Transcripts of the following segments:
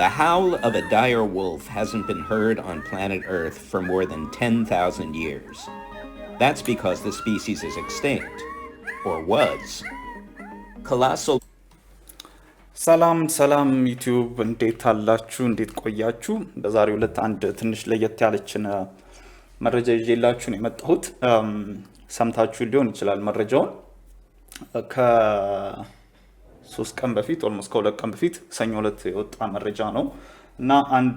The howl of a dire wolf hasn't been heard on planet Earth for more than 10,000 years. That's because the species is extinct, or was. Colossal ሰላም ሰላም ዩቲዩብ እንዴት አላችሁ? እንዴት ቆያችሁ? በዛሬው ዕለት አንድ ትንሽ ለየት ያለችን መረጃ ይዤላችሁ ነው የመጣሁት። ሰምታችሁ ሊሆን ይችላል መረጃውን ሶስት ቀን በፊት ኦልሞስት ከሁለት ቀን በፊት ሰኞ ዕለት የወጣ መረጃ ነው እና አንድ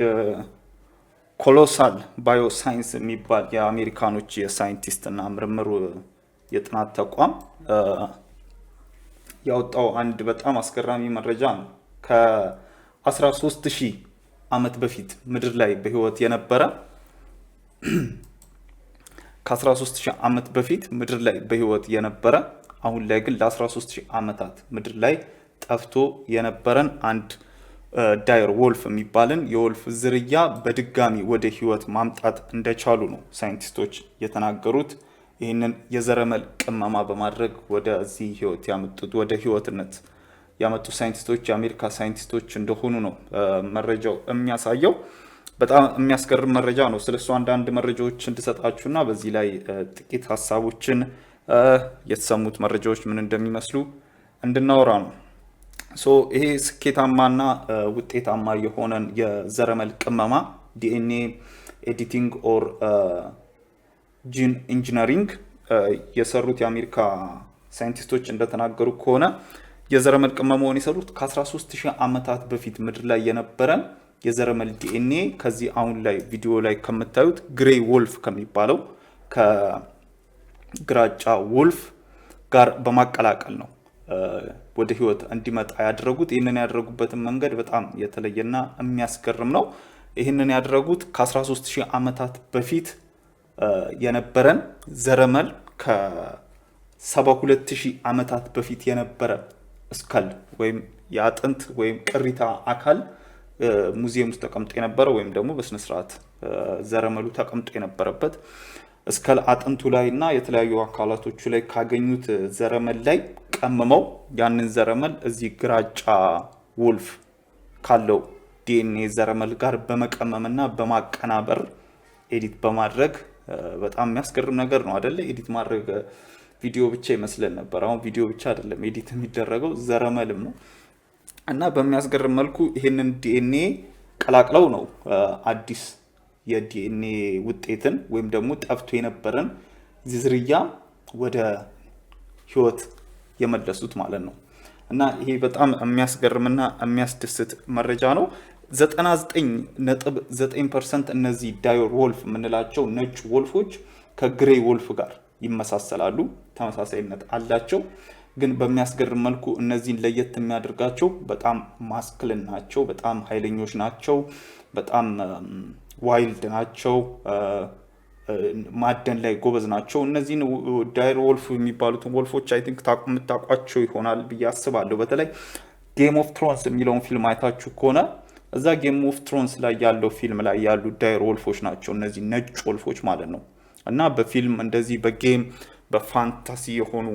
ኮሎሳል ባዮሳይንስ የሚባል የአሜሪካኖች የሳይንቲስት እና ምርምር የጥናት ተቋም ያወጣው አንድ በጣም አስገራሚ መረጃ ነው። ከ13 ሺህ ዓመት በፊት ምድር ላይ በህይወት የነበረ ከ13 ሺህ ዓመት በፊት ምድር ላይ በህይወት የነበረ አሁን ላይ ግን ለ13 ሺህ ዓመታት ምድር ላይ ጠፍቶ የነበረን አንድ ዳየር ወልፍ የሚባልን የወልፍ ዝርያ በድጋሚ ወደ ህይወት ማምጣት እንደቻሉ ነው ሳይንቲስቶች የተናገሩት። ይህንን የዘረመል ቅመማ በማድረግ ወደዚህ ህይወት ያመጡት ወደ ህይወትነት ያመጡ ሳይንቲስቶች የአሜሪካ ሳይንቲስቶች እንደሆኑ ነው መረጃው የሚያሳየው። በጣም የሚያስገርም መረጃ ነው። ስለሱ አንዳንድ መረጃዎች እንድሰጣችሁና በዚህ ላይ ጥቂት ሀሳቦችን የተሰሙት መረጃዎች ምን እንደሚመስሉ እንድናወራ ነው። ሶ ይሄ ስኬታማና ውጤታማ የሆነን የዘረመል ቅመማ ዲኤንኤ ኤዲቲንግ ኦር ጂን ኢንጂነሪንግ የሰሩት የአሜሪካ ሳይንቲስቶች እንደተናገሩ ከሆነ የዘረመል ቅመማውን የሰሩት ከ ሺህ ዓመታት በፊት ምድር ላይ የነበረን የዘረመል ዲኤንኤ ከዚህ አሁን ላይ ቪዲዮ ላይ ከምታዩት ግሬ ወልፍ ከሚባለው ከግራጫ ወልፍ ጋር በማቀላቀል ነው። ወደ ህይወት እንዲመጣ ያደረጉት። ይህንን ያደረጉበትን መንገድ በጣም የተለየና የሚያስገርም ነው። ይህንን ያደረጉት ከ13 ሺህ ዓመታት በፊት የነበረን ዘረመል ከ72 ሺህ ዓመታት በፊት የነበረ እስካል ወይም የአጥንት ወይም ቅሪታ አካል ሙዚየም ውስጥ ተቀምጦ የነበረ ወይም ደግሞ በስነስርዓት ዘረመሉ ተቀምጦ የነበረበት እስከ አጥንቱ ላይ እና የተለያዩ አካላቶቹ ላይ ካገኙት ዘረመል ላይ ቀምመው ያንን ዘረመል እዚህ ግራጫ ውልፍ ካለው ዲኤንኤ ዘረመል ጋር በመቀመምና በማቀናበር ኤዲት በማድረግ በጣም የሚያስገርም ነገር ነው አደለ? ኤዲት ማድረግ ቪዲዮ ብቻ ይመስለን ነበር። አሁን ቪዲዮ ብቻ አይደለም ኤዲት የሚደረገው ዘረመልም ነው እና በሚያስገርም መልኩ ይህንን ዲኤንኤ ቀላቅለው ነው አዲስ የዲኤንኤ ውጤትን ወይም ደግሞ ጠፍቶ የነበረን ዝርያ ወደ ህይወት የመለሱት ማለት ነው። እና ይሄ በጣም የሚያስገርምና የሚያስደስት መረጃ ነው። 99.9 እነዚህ ዳዮር ወልፍ የምንላቸው ነጭ ወልፎች ከግሬ ወልፍ ጋር ይመሳሰላሉ፣ ተመሳሳይነት አላቸው። ግን በሚያስገርም መልኩ እነዚህን ለየት የሚያደርጋቸው በጣም ማስክልን ናቸው፣ በጣም ኃይለኞች ናቸው፣ በጣም ዋይልድ ናቸው። ማደን ላይ ጎበዝ ናቸው። እነዚህን ዳይር ወልፍ የሚባሉትን ወልፎች አይ ቲንክ የምታውቋቸው ይሆናል ብዬ አስባለሁ። በተለይ ጌም ኦፍ ትሮንስ የሚለውን ፊልም አይታችሁ ከሆነ እዛ ጌም ኦፍ ትሮንስ ላይ ያለው ፊልም ላይ ያሉ ዳይር ወልፎች ናቸው እነዚህ ነጭ ወልፎች ማለት ነው። እና በፊልም እንደዚህ በጌም በፋንታሲ የሆኑ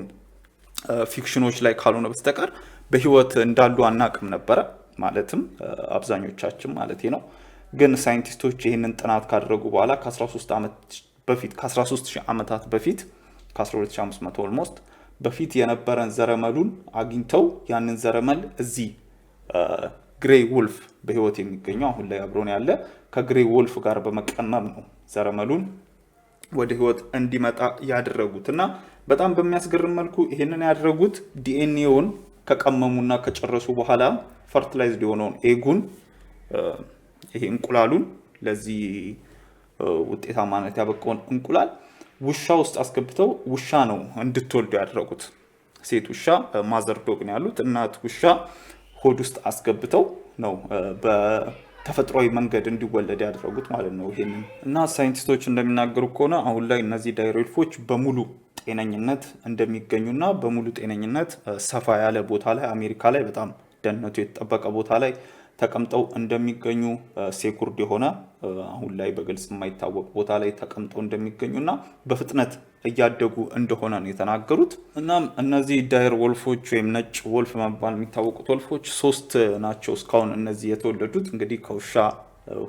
ፊክሽኖች ላይ ካልሆነ በስተቀር በህይወት እንዳሉ አናቅም ነበረ። ማለትም አብዛኞቻችን ማለት ነው። ግን ሳይንቲስቶች ይህንን ጥናት ካደረጉ በኋላ ከ13 በፊት ከ13 ዓመታት በፊት ከ12500 ኦልሞስት በፊት የነበረን ዘረመሉን አግኝተው ያንን ዘረመል እዚህ ግሬ ውልፍ በህይወት የሚገኘው አሁን ላይ አብሮን ያለ ከግሬ ውልፍ ጋር በመቀመም ነው ዘረመሉን ወደ ህይወት እንዲመጣ ያደረጉት እና በጣም በሚያስገርም መልኩ ይህንን ያደረጉት ዲኤንኤውን ከቀመሙና ከጨረሱ በኋላ ፈርትላይዝድ የሆነውን ኤጉን ይሄ እንቁላሉን ለዚህ ውጤታማነት ያበቃውን እንቁላል ውሻ ውስጥ አስገብተው ውሻ ነው እንድትወልዱ ያደረጉት። ሴት ውሻ ማዘር ዶግ ነው ያሉት። እናት ውሻ ሆድ ውስጥ አስገብተው ነው በተፈጥሯዊ መንገድ እንዲወለድ ያደረጉት ማለት ነው። ይሄንን እና ሳይንቲስቶች እንደሚናገሩ ከሆነ አሁን ላይ እነዚህ ዳይሮልፎች በሙሉ ጤነኝነት እንደሚገኙና በሙሉ ጤነኝነት ሰፋ ያለ ቦታ ላይ አሜሪካ ላይ በጣም ደህንነቱ የተጠበቀ ቦታ ላይ ተቀምጠው እንደሚገኙ ሴኩርድ የሆነ አሁን ላይ በግልጽ የማይታወቅ ቦታ ላይ ተቀምጠው እንደሚገኙ እና በፍጥነት እያደጉ እንደሆነ ነው የተናገሩት። እናም እነዚህ ዳይር ወልፎች ወይም ነጭ ወልፍ በመባል የሚታወቁት ወልፎች ሶስት ናቸው እስካሁን እነዚህ የተወለዱት እንግዲህ ከውሻ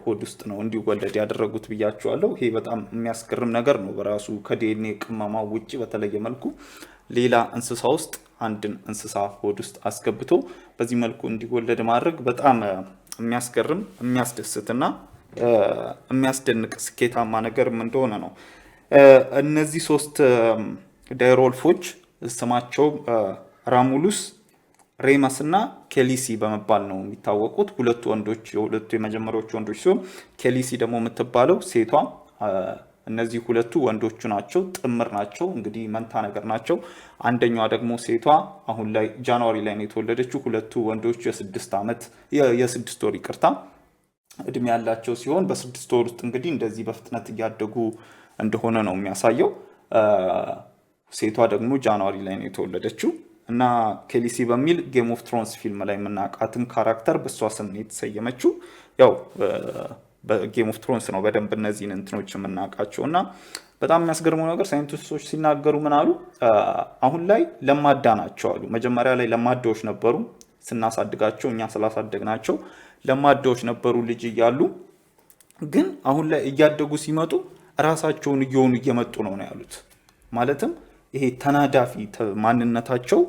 ሆድ ውስጥ ነው እንዲወለድ ያደረጉት ብያቸዋለሁ። ይሄ በጣም የሚያስገርም ነገር ነው በራሱ ከዲኤንኤ ቅመማ ውጭ በተለየ መልኩ ሌላ እንስሳ ውስጥ አንድን እንስሳ ሆድ ውስጥ አስገብቶ በዚህ መልኩ እንዲወለድ ማድረግ በጣም የሚያስገርም የሚያስደስትና የሚያስደንቅ ስኬታማ ነገርም እንደሆነ ነው። እነዚህ ሶስት ዳይሮልፎች ስማቸው ራሙሉስ፣ ሬመስ እና ኬሊሲ በመባል ነው የሚታወቁት። ሁለቱ ወንዶች የሁለቱ የመጀመሪያዎቹ ወንዶች ሲሆን ኬሊሲ ደግሞ የምትባለው ሴቷ እነዚህ ሁለቱ ወንዶቹ ናቸው፣ ጥምር ናቸው። እንግዲህ መንታ ነገር ናቸው። አንደኛዋ ደግሞ ሴቷ አሁን ላይ ጃንዋሪ ላይ ነው የተወለደችው። ሁለቱ ወንዶች የስድስት ዓመት የስድስት ወር ይቅርታ እድሜ ያላቸው ሲሆን በስድስት ወር ውስጥ እንግዲህ እንደዚህ በፍጥነት እያደጉ እንደሆነ ነው የሚያሳየው። ሴቷ ደግሞ ጃንዋሪ ላይ ነው የተወለደችው እና ኬሊሲ በሚል ጌም ኦፍ ትሮንስ ፊልም ላይ የምናውቃትን ካራክተር በእሷ ስም ነው የተሰየመችው ያው በጌም ኦፍ ትሮንስ ነው በደንብ እነዚህን እንትኖች የምናውቃቸው እና በጣም የሚያስገርመው ነገር ሳይንቲስቶች ሲናገሩ ምን አሉ? አሁን ላይ ለማዳ ናቸው አሉ። መጀመሪያ ላይ ለማዳዎች ነበሩ፣ ስናሳድጋቸው እኛ ስላሳደግናቸው ለማዳዎች ነበሩ ልጅ እያሉ። ግን አሁን ላይ እያደጉ ሲመጡ ራሳቸውን እየሆኑ እየመጡ ነው ነው ያሉት። ማለትም ይሄ ተናዳፊ ማንነታቸው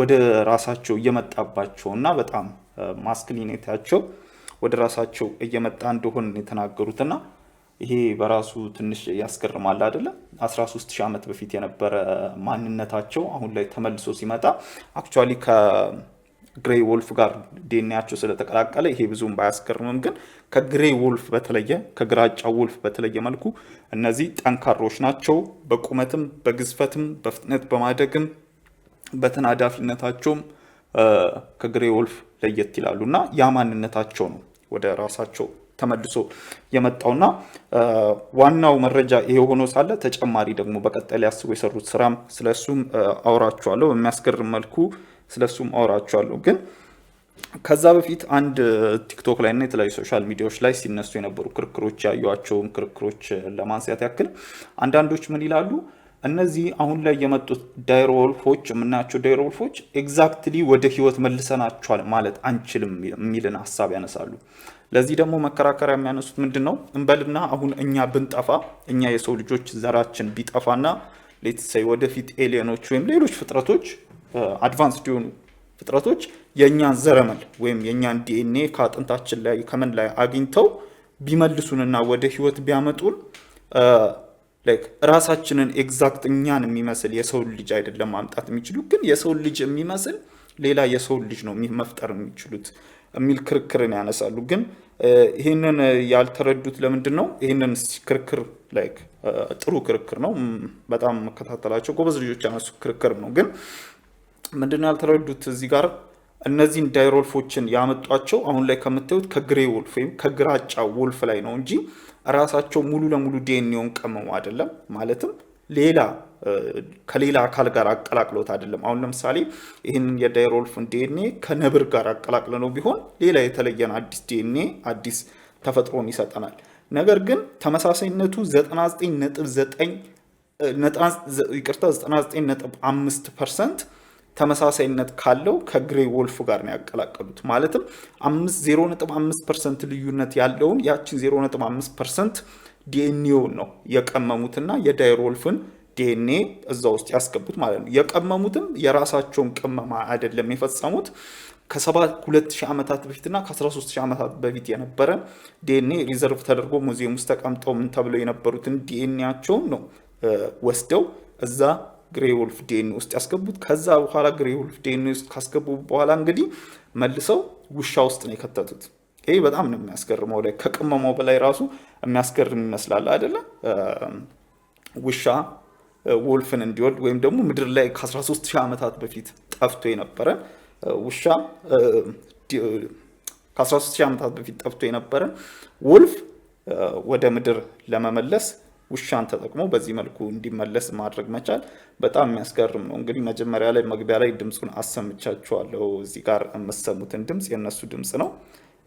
ወደ ራሳቸው እየመጣባቸው እና በጣም ማስክሊኔታቸው ወደ ራሳቸው እየመጣ እንደሆን የተናገሩትና ይሄ በራሱ ትንሽ ያስገርማል 13 ሺህ ዓመት በፊት የነበረ ማንነታቸው አሁን ላይ ተመልሶ ሲመጣ አክቹዋሊ ከግሬይ ወልፍ ጋር ዲኤንኤያቸው ስለተቀላቀለ ይሄ ብዙም ባያስገርምም፣ ግን ከግሬይ ወልፍ በተለየ ከግራጫ ወልፍ በተለየ መልኩ እነዚህ ጠንካሮች ናቸው። በቁመትም፣ በግዝፈትም፣ በፍጥነት በማደግም፣ በተናዳፊነታቸውም ከግሬይ ወልፍ ለየት ይላሉ እና ያ ማንነታቸው ነው። ወደ ራሳቸው ተመልሶ የመጣውና ዋናው መረጃ ይሄ ሆኖ ሳለ ተጨማሪ ደግሞ በቀጣይ ሊያስቡ የሰሩት ስራም ስለሱም አውራችኋለሁ። በሚያስገርም መልኩ ስለሱም አውራችኋለሁ። ግን ከዛ በፊት አንድ ቲክቶክ ላይ እና የተለያዩ ሶሻል ሚዲያዎች ላይ ሲነሱ የነበሩ ክርክሮች ያዩዋቸውን ክርክሮች ለማንሳት ያክል አንዳንዶች ምን ይላሉ እነዚህ አሁን ላይ የመጡት ዳይሮወልፎች የምናያቸው ወልፎች ኤግዛክትሊ ወደ ህይወት መልሰናቸዋል ማለት አንችልም የሚልን ሀሳብ ያነሳሉ። ለዚህ ደግሞ መከራከሪያ የሚያነሱት ምንድን ነው? እንበልና አሁን እኛ ብንጠፋ እኛ የሰው ልጆች ዘራችን ቢጠፋና ሌትሳይ ወደፊት ኤሊየኖች ወይም ሌሎች ፍጥረቶች አድቫንስ ሊሆኑ ፍጥረቶች የእኛን ዘረመል ወይም የእኛን ዲኤንኤ ከአጥንታችን ላይ ከምን ላይ አግኝተው ቢመልሱንና ወደ ህይወት ቢያመጡን ላይክ ራሳችንን ኤግዛክት እኛን የሚመስል የሰውን ልጅ አይደለም ማምጣት የሚችሉ ግን የሰውን ልጅ የሚመስል ሌላ የሰውን ልጅ ነው መፍጠር የሚችሉት የሚል ክርክርን ያነሳሉ። ግን ይህንን ያልተረዱት ለምንድን ነው? ይህንን ክርክር ላይክ ጥሩ ክርክር ነው፣ በጣም መከታተላቸው ጎበዝ ልጆች ያነሱ ክርክር ነው። ግን ምንድነው ያልተረዱት እዚህ ጋር እነዚህን ዳይሮልፎችን ያመጧቸው አሁን ላይ ከምታዩት ከግሬ ወልፍ ወይም ከግራጫ ወልፍ ላይ ነው እንጂ ራሳቸው ሙሉ ለሙሉ ዲኤንኤውን ቀመሙ አይደለም። ማለትም ሌላ ከሌላ አካል ጋር አቀላቅሎት አይደለም። አሁን ለምሳሌ ይህንን የዳይሮልፍን ዲኤንኤ ከነብር ጋር አቀላቅለ ነው ቢሆን ሌላ የተለየን አዲስ ዲኤንኤ አዲስ ተፈጥሮን ይሰጠናል። ነገር ግን ተመሳሳይነቱ 99.9 ይቅርታ 99.5 ፐርሰንት ተመሳሳይነት ካለው ከግሬ ወልፍ ጋር ነው ያቀላቀሉት። ማለትም 0.5 ፐርሰንት ልዩነት ያለውን ያችን 05 ነጥብ ፐርሰንት ዲኤንኤውን ነው የቀመሙትና የዳይር ወልፍን ዲኤንኤ እዛ ውስጥ ያስገቡት ማለት ነው። የቀመሙትም የራሳቸውን ቅመማ አይደለም የፈጸሙት ከ72 ሺህ ዓመታት በፊትና ከ13 ዓመታት በፊት የነበረ ዲኤንኤ ሪዘርቭ ተደርጎ ሙዚየም ውስጥ ተቀምጠው ምን ተብለው የነበሩትን ዲኤንኤያቸውን ነው ወስደው እዛ ግሬ ወልፍ ዴን ውስጥ ያስገቡት። ከዛ በኋላ ግሬ ወልፍ ውስጥ ካስገቡ በኋላ እንግዲህ መልሰው ውሻ ውስጥ ነው የከተቱት። ይህ በጣም ነው የሚያስገርመው። ላይ ከቅመመው በላይ ራሱ የሚያስገርም ይመስላል አይደለ? ውሻ ወልፍን እንዲወልድ ወይም ደግሞ ምድር ላይ ከ13 ሺህ ዓመታት በፊት ጠፍቶ የነበረን ውሻ ከ13 ሺህ ዓመታት በፊት ጠፍቶ የነበረን ወልፍ ወደ ምድር ለመመለስ ውሻን ተጠቅሞ በዚህ መልኩ እንዲመለስ ማድረግ መቻል በጣም የሚያስገርም ነው። እንግዲህ መጀመሪያ ላይ መግቢያ ላይ ድምፁን አሰምቻችኋለሁ። እዚህ ጋር የምሰሙትን ድምፅ የእነሱ ድምፅ ነው።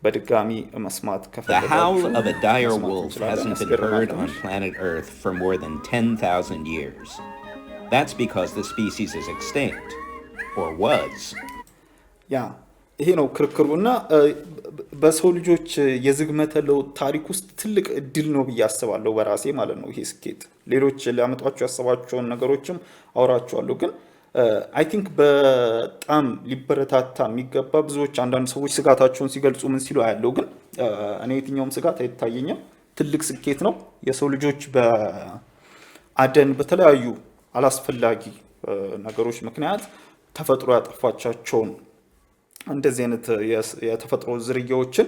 በድጋሚ መስማት ከፈለጋችሁ ያ ይሄ ነው ክርክሩ እና በሰው ልጆች የዝግመተ ለውጥ ታሪክ ውስጥ ትልቅ እድል ነው ብዬ አስባለሁ በራሴ ማለት ነው። ይሄ ስኬት ሌሎች ሊያመጧቸው ያሰባቸውን ነገሮችም አውራቸዋለሁ። ግን አይ ቲንክ በጣም ሊበረታታ የሚገባ ብዙዎች አንዳንድ ሰዎች ስጋታቸውን ሲገልጹ ምን ሲሉ አያለው። ግን እኔ የትኛውም ስጋት አይታየኝም። ትልቅ ስኬት ነው። የሰው ልጆች በአደን በተለያዩ አላስፈላጊ ነገሮች ምክንያት ተፈጥሮ ያጠፋቻቸውን እንደዚህ አይነት የተፈጥሮ ዝርያዎችን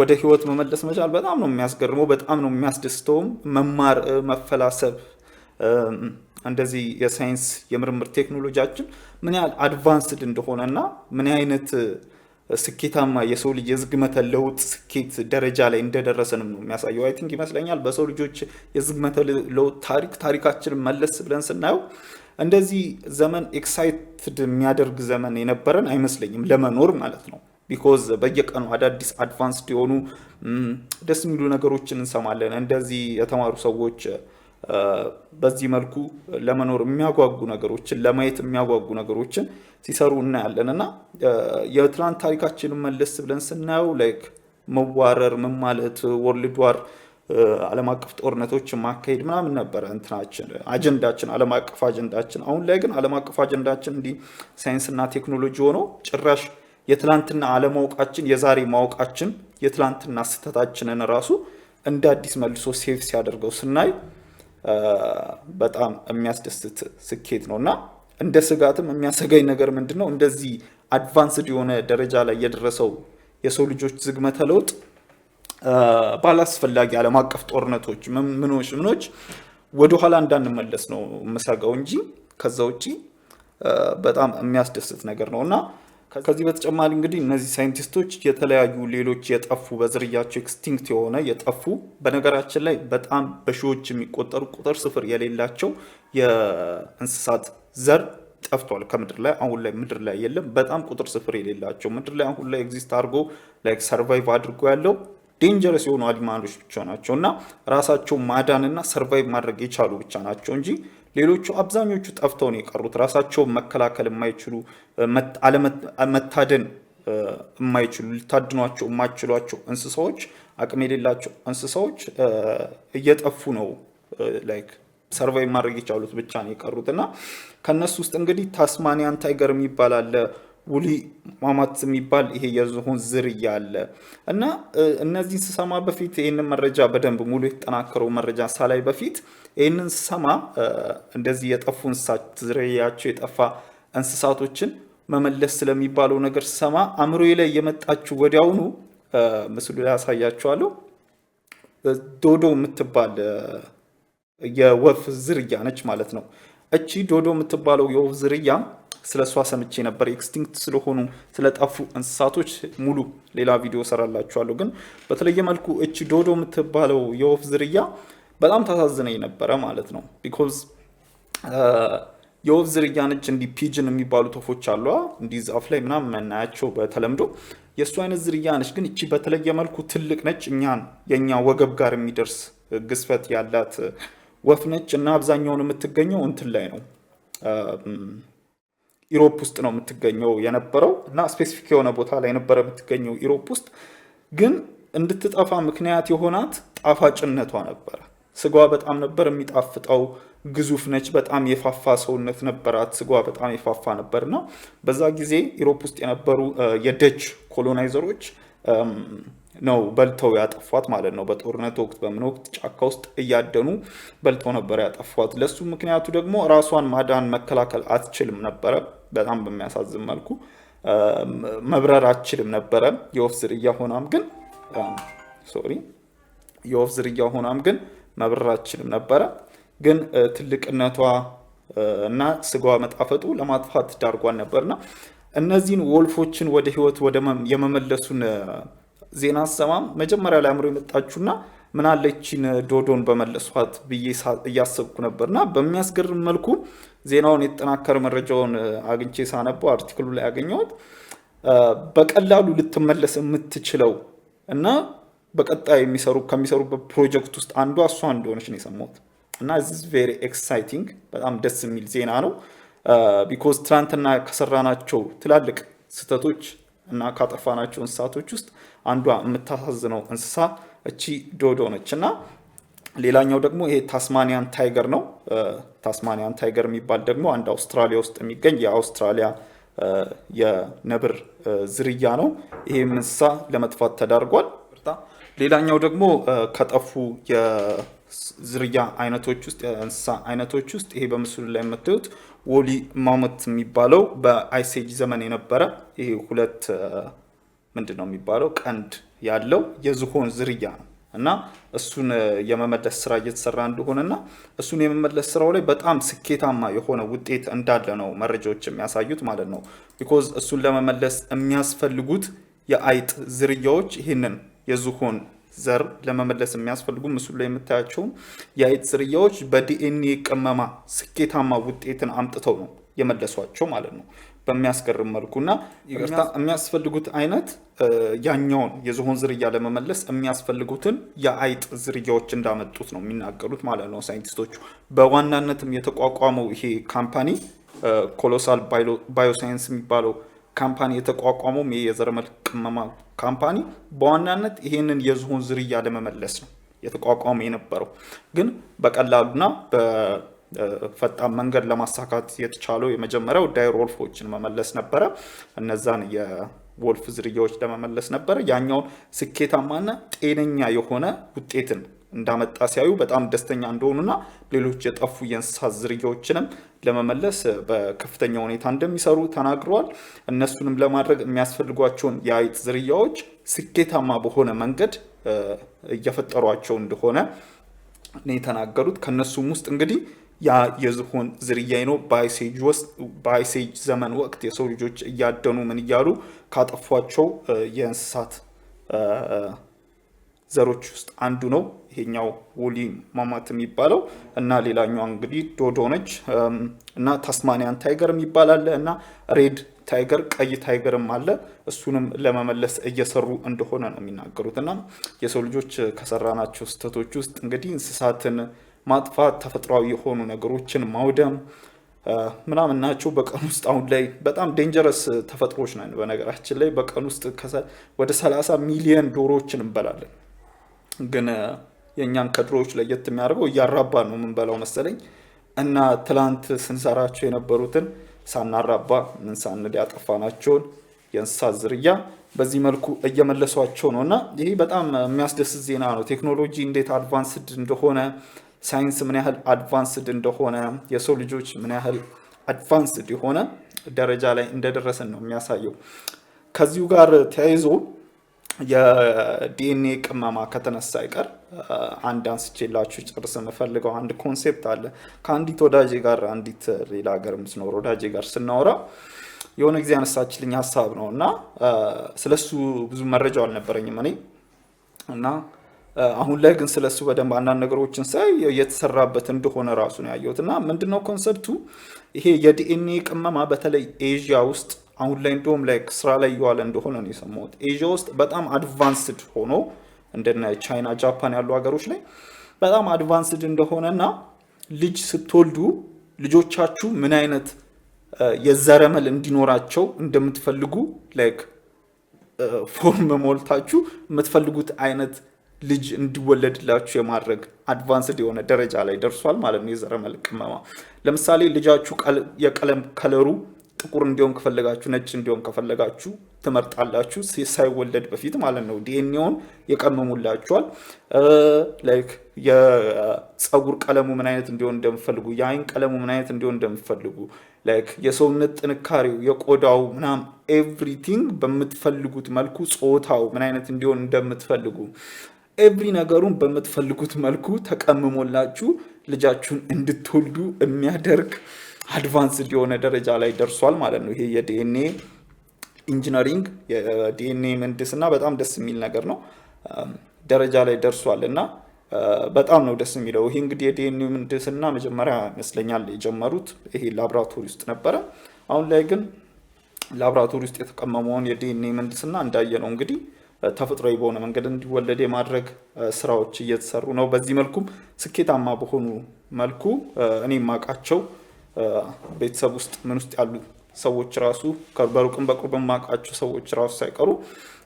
ወደ ህይወት መመለስ መቻል በጣም ነው የሚያስገርመው፣ በጣም ነው የሚያስደስተውም። መማር፣ መፈላሰብ እንደዚህ የሳይንስ የምርምር ቴክኖሎጂያችን ምን ያህል አድቫንስድ እንደሆነ እና ምን አይነት ስኬታማ የሰው ልጅ የዝግመተ ለውጥ ስኬት ደረጃ ላይ እንደደረሰንም ነው የሚያሳየው። አይ ቲንክ ይመስለኛል በሰው ልጆች የዝግመተ ለውጥ ታሪክ ታሪካችንን መለስ ብለን ስናየው እንደዚህ ዘመን ኤክሳይትድ የሚያደርግ ዘመን የነበረን አይመስለኝም ለመኖር ማለት ነው። ቢኮዝ በየቀኑ አዳዲስ አድቫንስድ የሆኑ ደስ የሚሉ ነገሮችን እንሰማለን። እንደዚህ የተማሩ ሰዎች በዚህ መልኩ ለመኖር የሚያጓጉ ነገሮችን ለማየት የሚያጓጉ ነገሮችን ሲሰሩ እናያለን እና የትናንት ታሪካችንን መለስ ብለን ስናየው ላይክ መዋረር ምን ማለት ወርልድ ዋር ዓለም አቀፍ ጦርነቶችን ማካሄድ ምናምን ነበረ እንትናችን አጀንዳችን፣ ዓለም አቀፍ አጀንዳችን። አሁን ላይ ግን ዓለም አቀፍ አጀንዳችን እንዲህ ሳይንስና ቴክኖሎጂ ሆኖ ጭራሽ የትላንትና አለማወቃችን የዛሬ ማወቃችን የትላንትና ስህተታችንን ራሱ እንደ አዲስ መልሶ ሴቭ ሲያደርገው ስናይ በጣም የሚያስደስት ስኬት ነው እና እንደ ስጋትም የሚያሰጋኝ ነገር ምንድን ነው እንደዚህ አድቫንስድ የሆነ ደረጃ ላይ የደረሰው የሰው ልጆች ዝግመተ ለውጥ ባላስፈላጊ ዓለም አቀፍ ጦርነቶች ምኖች ምኖች ወደኋላ እንዳንመለስ ነው የምሰጋው እንጂ ከዛ ውጭ በጣም የሚያስደስት ነገር ነው እና ከዚህ በተጨማሪ እንግዲህ እነዚህ ሳይንቲስቶች የተለያዩ ሌሎች የጠፉ በዝርያቸው ኤክስቲንክት የሆነ የጠፉ በነገራችን ላይ በጣም በሺዎች የሚቆጠሩ ቁጥር ስፍር የሌላቸው የእንስሳት ዘር ጠፍቷል ከምድር ላይ አሁን ላይ ምድር ላይ የለም። በጣም ቁጥር ስፍር የሌላቸው ምድር ላይ አሁን ላይ ኤግዚስት አድርጎ ላይክ ሰርቫይቭ አድርጎ ያለው ዴንጀረስ የሆኑ አኒማሎች ብቻ ናቸው እና ራሳቸው ማዳንና ሰርቫይቭ ማድረግ የቻሉ ብቻ ናቸው እንጂ ሌሎቹ አብዛኞቹ ጠፍተው ነው የቀሩት። ራሳቸውን መከላከል የማይችሉ መታደን የማይችሉ ሊታድኗቸው የማይችሏቸው እንስሳዎች፣ አቅም የሌላቸው እንስሳዎች እየጠፉ ነው። ላይክ ሰርቫይቭ ማድረግ የቻሉት ብቻ ነው የቀሩት እና ከእነሱ ውስጥ እንግዲህ ታስማኒያን ታይገር የሚባል አለ። ውሊ ማማት የሚባል ይሄ የዝሆን ዝርያ አለ እና እነዚህን ስሰማ በፊት ይህንን መረጃ በደንብ ሙሉ የተጠናከረው መረጃ ሳላይ በፊት ይህንን ስሰማ እንደዚህ የጠፉ እንስሳት ዝርያቸው የጠፋ እንስሳቶችን መመለስ ስለሚባለው ነገር ስሰማ አእምሮ ላይ የመጣችው ወዲያውኑ ምስሉ ላይ ያሳያችኋለሁ ዶዶ የምትባል የወፍ ዝርያ ነች ማለት ነው። እቺ ዶዶ የምትባለው የወፍ ዝርያ ስለ እሷ ሰምቼ ነበር። ኤክስቲንክት ስለሆኑ ስለጠፉ እንስሳቶች ሙሉ ሌላ ቪዲዮ ሰራላችኋለሁ። ግን በተለየ መልኩ እች ዶዶ የምትባለው የወፍ ዝርያ በጣም ታሳዝነኝ ነበረ ማለት ነው። ቢኮዝ የወፍ ዝርያ ነች። እንዲህ ፒጅን የሚባሉት ወፎች አሏ እንዲህ ዛፍ ላይ ምናምን መናያቸው በተለምዶ የእሱ አይነት ዝርያ ነች። ግን እቺ በተለየ መልኩ ትልቅ ነች። እኛን የእኛ ወገብ ጋር የሚደርስ ግዝፈት ያላት ወፍ ነች እና አብዛኛውን የምትገኘው እንትን ላይ ነው ኢሮፕ ውስጥ ነው የምትገኘው የነበረው እና ስፔሲፊክ የሆነ ቦታ ላይ ነበረ የምትገኘው ኢሮፕ ውስጥ ግን እንድትጠፋ ምክንያት የሆናት ጣፋጭነቷ ነበረ። ስጓ በጣም ነበር የሚጣፍጠው። ግዙፍ ነች። በጣም የፋፋ ሰውነት ነበራት። ስጓ በጣም የፋፋ ነበርና በዛ ጊዜ ኢሮፕ ውስጥ የነበሩ የደች ኮሎናይዘሮች ነው በልተው ያጠፏት ማለት ነው። በጦርነት ወቅት በምን ወቅት ጫካ ውስጥ እያደኑ በልተው ነበር ያጠፏት። ለሱ ምክንያቱ ደግሞ ራሷን ማዳን መከላከል አትችልም ነበረም። በጣም በሚያሳዝን መልኩ መብረር አችልም ነበረ። የወፍ ዝርያ ሆናም ግን ሶሪ የወፍ ዝርያ ሆናም ግን መብረር አችልም ነበረ። ግን ትልቅነቷ እና ስጋዋ መጣፈጡ ለማጥፋት ዳርጓን ነበርና እነዚህን ወልፎችን ወደ ህይወት ወደ የመመለሱን ዜና አሰማም መጀመሪያ ላይ አእምሮ የመጣችሁና ምናለችን ዶዶን በመለሷት ብዬ እያሰብኩ ነበርና በሚያስገርም መልኩ ዜናውን የተጠናከረ መረጃውን አግኝቼ ሳነበው አርቲክሉ ላይ ያገኘሁት በቀላሉ ልትመለስ የምትችለው እና በቀጣይ የሚሰሩ ከሚሰሩበት ፕሮጀክት ውስጥ አንዷ እሷ እንደሆነች ነው የሰማሁት። እና ዚስ ቬሪ ኤክሳይቲንግ በጣም ደስ የሚል ዜና ነው። ቢኮዝ ትናንትና ከሰራናቸው ትላልቅ ስህተቶች እና ካጠፋናቸው እንስሳቶች ውስጥ አንዷ የምታሳዝነው እንስሳ እቺ ዶዶ ነች እና ሌላኛው ደግሞ ይሄ ታስማኒያን ታይገር ነው። ታስማኒያን ታይገር የሚባል ደግሞ አንድ አውስትራሊያ ውስጥ የሚገኝ የአውስትራሊያ የነብር ዝርያ ነው። ይህም እንስሳ ለመጥፋት ተዳርጓል። ሌላኛው ደግሞ ከጠፉ የዝርያ አይነቶች ውስጥ የእንስሳ አይነቶች ውስጥ ይሄ በምስሉ ላይ የምታዩት ወሊ ማመት የሚባለው በአይሴጅ ዘመን የነበረ ይሄ ሁለት ምንድን ነው የሚባለው ቀንድ ያለው የዝሆን ዝርያ ነው። እና እሱን የመመለስ ስራ እየተሰራ እና እሱን የመመለስ ስራው ላይ በጣም ስኬታማ የሆነ ውጤት እንዳለ ነው መረጃዎች የሚያሳዩት ማለት ነው። ቢኮዝ እሱን ለመመለስ የሚያስፈልጉት የአይጥ ዝርያዎች ይህንን የዝሆን ዘር ለመመለስ የሚያስፈልጉ ምስሉ ላይ የምታያቸውም የአይጥ ዝርያዎች በዲኤንኤ ቅመማ ስኬታማ ውጤትን አምጥተው ነው የመለሷቸው ማለት ነው። በሚያስገርም መልኩና የሚያስፈልጉት አይነት ያኛውን የዝሆን ዝርያ ለመመለስ የሚያስፈልጉትን የአይጥ ዝርያዎች እንዳመጡት ነው የሚናገሩት ማለት ነው ሳይንቲስቶቹ። በዋናነትም የተቋቋመው ይሄ ካምፓኒ ኮሎሳል ባዮሳይንስ የሚባለው ካምፓኒ የተቋቋመው ይሄ የዘረመል ቅመማ ካምፓኒ በዋናነት ይሄንን የዝሆን ዝርያ ለመመለስ ነው የተቋቋመ የነበረው ግን በቀላሉና ፈጣን መንገድ ለማሳካት የተቻለው የመጀመሪያው ወልፎችን መመለስ ነበረ። እነዛን የወልፍ ዝርያዎች ለመመለስ ነበረ። ያኛውን ስኬታማና ጤነኛ የሆነ ውጤትን እንዳመጣ ሲያዩ በጣም ደስተኛ እንደሆኑና ሌሎች የጠፉ የእንስሳት ዝርያዎችንም ለመመለስ በከፍተኛ ሁኔታ እንደሚሰሩ ተናግረዋል። እነሱንም ለማድረግ የሚያስፈልጓቸውን የአይጥ ዝርያዎች ስኬታማ በሆነ መንገድ እየፈጠሯቸው እንደሆነ ነው የተናገሩት። ከእነሱም ውስጥ እንግዲህ ያ የዝሆን ዝርያይ ነው። በአይሴጅ ዘመን ወቅት የሰው ልጆች እያደኑ ምን እያሉ ካጠፏቸው የእንስሳት ዘሮች ውስጥ አንዱ ነው። ይሄኛው ውሊ ማማት የሚባለው እና ሌላኛዋ እንግዲህ ዶዶ ነች እና ታስማኒያን ታይገር የሚባል አለ እና ሬድ ታይገር ቀይ ታይገርም አለ። እሱንም ለመመለስ እየሰሩ እንደሆነ ነው የሚናገሩት እና የሰው ልጆች ከሰራናቸው ስህተቶች ውስጥ እንግዲህ እንስሳትን ማጥፋት፣ ተፈጥሯዊ የሆኑ ነገሮችን ማውደም ምናምን ናቸው። በቀን ውስጥ አሁን ላይ በጣም ዴንጀረስ ተፈጥሮዎች ነን። በነገራችን ላይ በቀን ውስጥ ወደ 30 ሚሊየን ዶሮዎችን እንበላለን። ግን የእኛን ከድሮዎች ለየት የሚያደርገው እያራባ ነው የምንበላው መሰለኝ እና ትላንት ስንሰራቸው የነበሩትን ሳናራባ ምን ሳንል ያጠፋናቸውን የእንስሳት ዝርያ በዚህ መልኩ እየመለሷቸው ነው እና ይሄ በጣም የሚያስደስት ዜና ነው። ቴክኖሎጂ እንዴት አድቫንስድ እንደሆነ ሳይንስ ምን ያህል አድቫንስድ እንደሆነ የሰው ልጆች ምን ያህል አድቫንስድ የሆነ ደረጃ ላይ እንደደረሰን ነው የሚያሳየው። ከዚሁ ጋር ተያይዞ የዲኤንኤ ቅመማ ከተነሳ አይቀር አንድ አንስቼላችሁ ጨርስ የምፈልገው አንድ ኮንሴፕት አለ። ከአንዲት ወዳጄ ጋር አንዲት ሌላ ሀገር የምትኖር ወዳጄ ጋር ስናወራ የሆነ ጊዜ አነሳችልኝ ሀሳብ ነው እና ስለሱ ብዙ መረጃው አልነበረኝም እኔ እና አሁን ላይ ግን ስለሱ በደንብ አንዳንድ ነገሮችን ሳይ የተሰራበት እንደሆነ ራሱ ነው ያየሁት። እና ምንድነው ኮንሰፕቱ ይሄ የዲኤንኤ ቅመማ በተለይ ኤዥያ ውስጥ አሁን ላይ እንደውም ላይ ስራ ላይ እየዋለ እንደሆነ ነው የሰማሁት። ኤዥያ ውስጥ በጣም አድቫንስድ ሆኖ እንደነ ቻይና፣ ጃፓን ያሉ ሀገሮች ላይ በጣም አድቫንስድ እንደሆነና ልጅ ስትወልዱ ልጆቻችሁ ምን አይነት የዘረመል እንዲኖራቸው እንደምትፈልጉ ላይክ ፎርም ሞልታችሁ የምትፈልጉት አይነት ልጅ እንዲወለድላችሁ የማድረግ አድቫንስድ የሆነ ደረጃ ላይ ደርሷል ማለት ነው። የዘረመል ቅመማ ለምሳሌ ልጃችሁ የቀለም ከለሩ ጥቁር እንዲሆን ከፈለጋችሁ፣ ነጭ እንዲሆን ከፈለጋችሁ ትመርጣላችሁ። ሳይወለድ በፊት ማለት ነው። ዲኤንኤውን የቀመሙላችኋል። ላይክ የፀጉር ቀለሙ ምን አይነት እንዲሆን እንደምፈልጉ፣ የአይን ቀለሙ ምን አይነት እንዲሆን እንደምፈልጉ፣ ላይክ የሰውነት ጥንካሬው፣ የቆዳው ምናም ኤቭሪቲንግ በምትፈልጉት መልኩ ጾታው ምን አይነት እንዲሆን እንደምትፈልጉ ኤቭሪ ነገሩን በምትፈልጉት መልኩ ተቀምሞላችሁ ልጃችሁን እንድትወልዱ የሚያደርግ አድቫንስ የሆነ ደረጃ ላይ ደርሷል ማለት ነው። ይሄ የዲኤንኤ ኢንጂነሪንግ የዲኤንኤ ምህንድስና በጣም ደስ የሚል ነገር ነው ደረጃ ላይ ደርሷል እና በጣም ነው ደስ የሚለው። ይሄ እንግዲህ የዲኤንኤ ምህንድስና መጀመሪያ ይመስለኛል የጀመሩት ይሄ ላብራቶሪ ውስጥ ነበረ። አሁን ላይ ግን ላብራቶሪ ውስጥ የተቀመመውን የዲኤንኤ ምህንድስና እንዳየ ነው እንግዲህ ተፈጥሯዊ በሆነ መንገድ እንዲወለድ የማድረግ ስራዎች እየተሰሩ ነው። በዚህ መልኩም ስኬታማ በሆኑ መልኩ እኔ የማውቃቸው ቤተሰብ ውስጥ ምን ውስጥ ያሉ ሰዎች ራሱ በሩቅም በቅርብ የማውቃቸው ሰዎች ራሱ ሳይቀሩ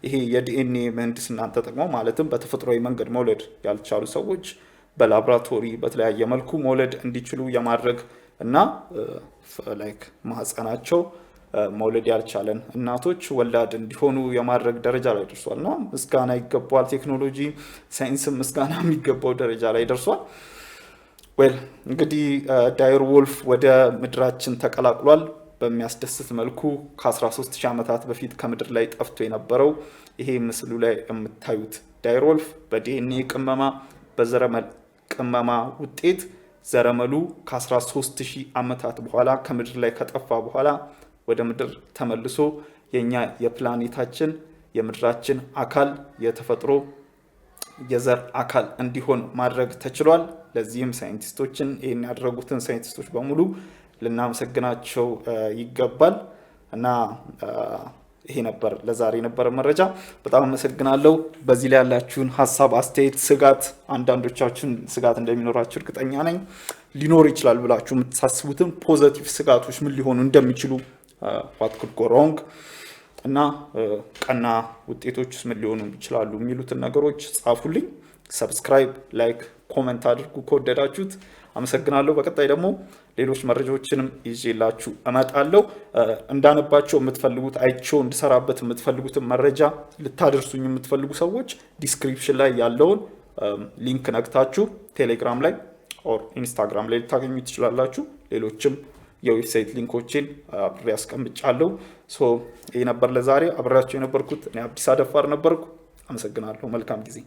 ይሄ የዲኤንኤ ምህንድስናን ተጠቅመው ማለትም በተፈጥሯዊ መንገድ መውለድ ያልቻሉ ሰዎች በላብራቶሪ በተለያየ መልኩ መውለድ እንዲችሉ የማድረግ እና ላይክ ማህፀናቸው መውለድ ያልቻለን እናቶች ወላድ እንዲሆኑ የማድረግ ደረጃ ላይ ደርሷል እና ምስጋና ይገባዋል። ቴክኖሎጂ ሳይንስም ምስጋና የሚገባው ደረጃ ላይ ደርሷል። ዌል እንግዲህ ዳይር ወልፍ ወደ ምድራችን ተቀላቅሏል። በሚያስደስት መልኩ ከ13 ሺህ ዓመታት በፊት ከምድር ላይ ጠፍቶ የነበረው ይሄ ምስሉ ላይ የምታዩት ዳየር ወልፍ በዲኤንኤ ቅመማ በዘረመል ቅመማ ውጤት ዘረመሉ ከ13 ሺህ ዓመታት በኋላ ከምድር ላይ ከጠፋ በኋላ ወደ ምድር ተመልሶ የእኛ የፕላኔታችን የምድራችን አካል የተፈጥሮ የዘር አካል እንዲሆን ማድረግ ተችሏል። ለዚህም ሳይንቲስቶችን ይህን ያደረጉትን ሳይንቲስቶች በሙሉ ልናመሰግናቸው ይገባል እና ይሄ ነበር ለዛሬ የነበረ መረጃ። በጣም አመሰግናለሁ። በዚህ ላይ ያላችሁን ሀሳብ፣ አስተያየት፣ ስጋት አንዳንዶቻችን ስጋት እንደሚኖራችሁ እርግጠኛ ነኝ። ሊኖር ይችላል ብላችሁ የምታስቡትን ፖዘቲቭ ስጋቶች ምን ሊሆኑ እንደሚችሉ አትክልት ጎሮንግ እና ቀና ውጤቶች ምን ሊሆኑ ይችላሉ የሚሉትን ነገሮች ጻፉልኝ። ሰብስክራይብ፣ ላይክ፣ ኮመንት አድርጉ ከወደዳችሁት። አመሰግናለሁ። በቀጣይ ደግሞ ሌሎች መረጃዎችንም ይዤላችሁ እመጣለሁ። እንዳነባቸው የምትፈልጉት አይቸው እንድሰራበት የምትፈልጉትን መረጃ ልታደርሱኝ የምትፈልጉ ሰዎች ዲስክሪፕሽን ላይ ያለውን ሊንክ ነክታችሁ ቴሌግራም ላይ ኦር ኢንስታግራም ላይ ልታገኙ ትችላላችሁ። ሌሎችም የዌብሳይት ሊንኮችን አብሬ ያስቀምጫለሁ። ይህ ነበር ለዛሬ አብሬያቸው የነበርኩት እኔ አዲስ አደፋር ነበርኩ። አመሰግናለሁ። መልካም ጊዜ